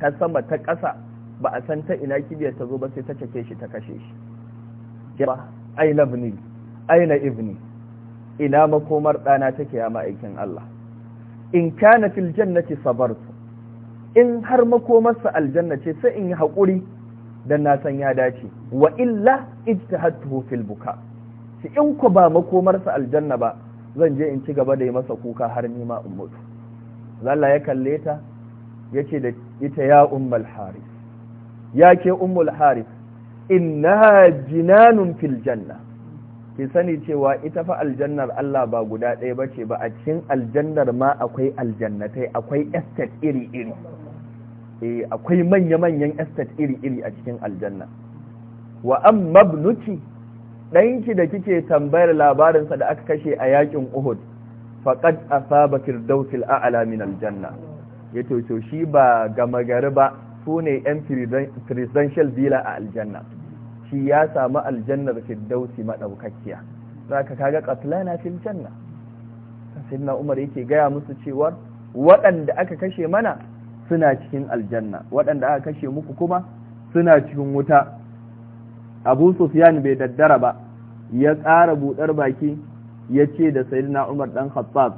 ta sama ta ƙasa ba a san ta ina kibiyar ta zo ba sai ta cake shi ta kashe shi ba aina ibni aina ibni ina makomar ɗana take ya ma'aikin Allah in kana fil jannati sabartu in har makomarsa aljanna ce sai in yi haƙuri dan na san ya dace wa illa ijtahadtu fil buka' ce in ku ba makomarsa aljanna ba zan je in ci gaba da yi masa kuka har nima in mutu zalla ya kalle ta ya da ita ya ummul haris ya ke ummul haris innaha jinanun fil janna ki sani cewa ita fa aljannar Allah ba guda ɗaya ba ce ba a cikin aljannar ma akwai aljannatai akwai estate iri-iri eh, akwai manya-manyan estate iri-iri a cikin aljanna wa An ibnuki ɗanki da kike tambayar labarinsa da aka kashe a yakin uhud faƙad asaba firdausil a'la min aljanna yato to shi ba gama gari ba sune ne yan presidential villa a aljanna shi ya samu aljannar firdausi maɗaukakiya, za ka kaga qatlana fil janna sayyidina umar yake gaya musu cewa waɗanda aka kashe mana suna cikin aljanna waɗanda aka kashe muku kuma suna cikin wuta abu sufyan bai daddara ba ya ƙara buɗar baki ya ce da sayyidina umar ɗan khattab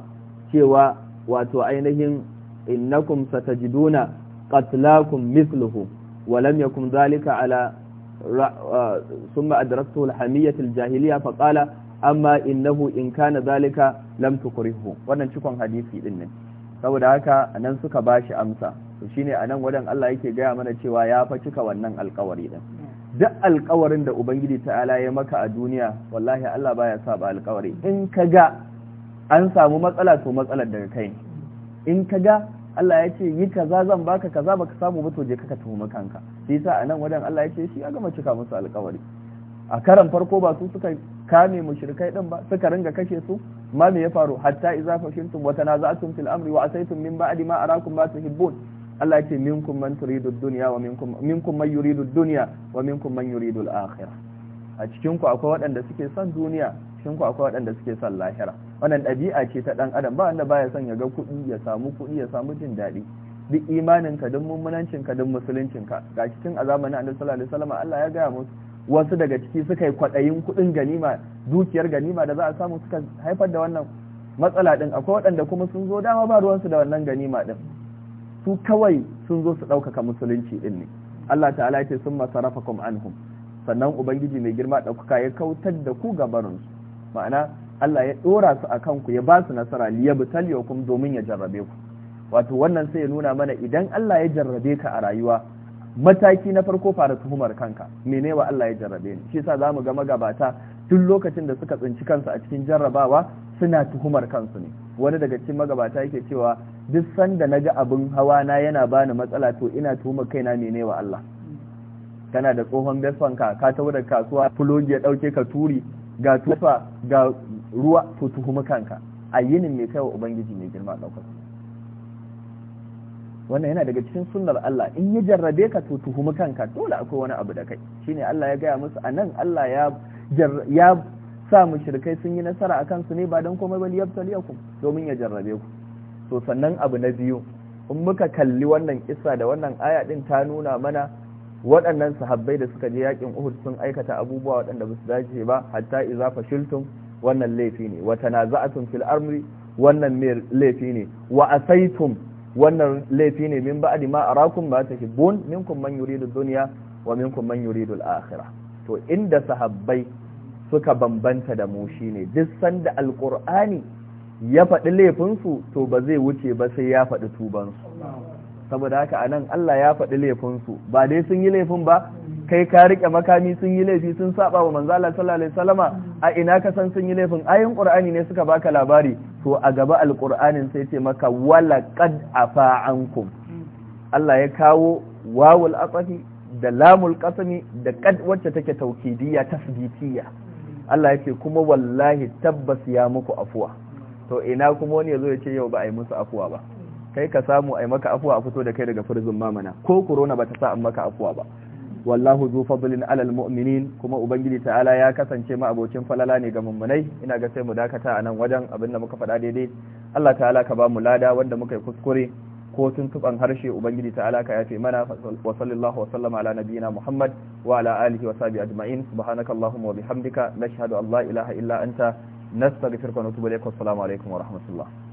cewa wato ainihin innakum satajiduna qatlakum mithluhu wa lam yakun zalika ala thumma adraktu al-hamiyyah fa qala amma innahu in kana zalika lam tukrihu wannan cikon hadisi din ne saboda haka anan suka bashi amsa to shine anan wadan Allah yake gaya mana cewa ya fa cika wannan alƙawari din duk alkawarin da ubangiji ta ya maka a duniya wallahi Allah baya ba alkawari in kaga an samu matsala to matsalar daga kai ne in kaga Allah ya ce yi kaza zan baka kaza baka samu ba to je ka makanka. kanka sa a anan wajen Allah ya ce shi ya gama cika musu alkawari a karan farko ba su suka kame mushrikai din ba suka ringa kashe su ma me ya faru hatta iza fashiltum wa tanaza'tum fil amri wa asaytum min ba'di ma arakum ma tuhibbun Allah ya ce minkum man turidu dunya wa minkum minkum man yuridu dunya wa minkum man yuridu al-akhirah a cikin ku akwai waɗanda suke son duniya cikin ku akwai waɗanda suke son lahira wannan ɗabi'a ce ta dan adam ba wanda baya son ya ga kuɗi ya samu kuɗi ya samu jin daɗi duk imanin ka duk mummunancin ka duk musuluncin ka ga cikin azamanin annabi sallallahu alaihi wasallam Allah ya gaya musu wasu daga ciki suka yi kwaɗayin kuɗin ganima dukiyar ganima da za a samu suka haifar da wannan matsala din akwai waɗanda kuma sun zo dama ba ruwansu da wannan ganima din su kawai sun zo su ɗaukaka musulunci ɗin ne Allah ta'ala ya ce sun masarafa rafakum anhum sannan ubangiji mai girma ɗaukaka ya kautar da ku su ma'ana Allah ya ɗora su a kanku ya ba su nasara liya kuma domin ya jarrabe ku wato wannan sai ya nuna mana idan Allah ya jarrabe ka a rayuwa mataki na farko fara tuhumar kanka mene wa Allah ya jarrabe ni shi yasa zamu ga magabata duk lokacin da suka tsinci kansu a cikin jarrabawa suna tuhumar kansu ne wani daga cikin magabata yake cewa duk sanda naga abin hawa na yana bani matsala to ina tuhuma kaina mene wa Allah kana da tsohon besfanka ka tawo da kasuwa fulogi ya dauke ka turi ga tufa ga ruwa to tuhuma kanka a yinin mai kaiwa ubangiji mai girma daukar wannan yana daga cikin sunnar Allah in ya jarrabe ka to tuhumi kanka dole akwai wani abu da kai shine Allah ya gaya musu anan Allah ya ya sa mushrikai sun yi nasara akan su ne ba dan komai bane yabtaliyakum domin ya jarrabe ku to sannan abu na biyu in muka kalli wannan kissa da wannan aya din ta nuna mana waɗannan sahabbai da suka je yakin Uhud sun aikata abubuwa waɗanda ba su dace ba hatta idza fashiltum wannan laifi ne wa tanaza'atum fil amri wannan laifi ne wa asaitum wannan laifi ne min ba'di ma arakum ma tahibbun minkum man yuridu dunya wa minkum man yuridu al-akhirah to inda sahabbai suka bambanta da mu ne duk sanda Alƙur'ani ya faɗi laifinsu to ba zai wuce ba sai ya faɗi tubansu saboda haka anan Allah ya faɗi laifinsu ba dai sun yi laifin ba kai ka riƙe makami sun yi laifi sun saba wa manzo Allah sallallahu alaihi wasallama a ina ka san sun yi laifin ayin qur'ani ne suka baka labari to a gaba alqur'anin sai ce maka wala qad afa ankum Allah ya kawo wawul asafi da lamul qasmi da qad wacce take taukidiyya tasbitiyya Allah ya ce kuma wallahi tabbas ya muku afuwa to ina kuma wani ya zo ya ce yau ba a yi musu afuwa ba kai ka samu a maka afuwa a fito da kai daga firzin mamana ko korona ba ta sa an maka afuwa ba wallahu zu fadlin alal mu'minin kuma ubangiji ta'ala ya kasance ma abocin falala ne ga mummunai ina ga sai mu dakata a nan wajen abin da muka faɗa daidai Allah ta'ala ka ba mu lada wanda muka yi kuskure ko tuntuban harshe ubangiji ta alaka ya fi mana wa sallallahu wa sallama ala nabiyina muhammad wa ala alihi wa sahbihi ajma'in subhanaka allahumma wa bihamdika nashhadu an la ilaha illa anta nastaghfiruka wa natubu ilayk assalamu alaikum wa rahmatullah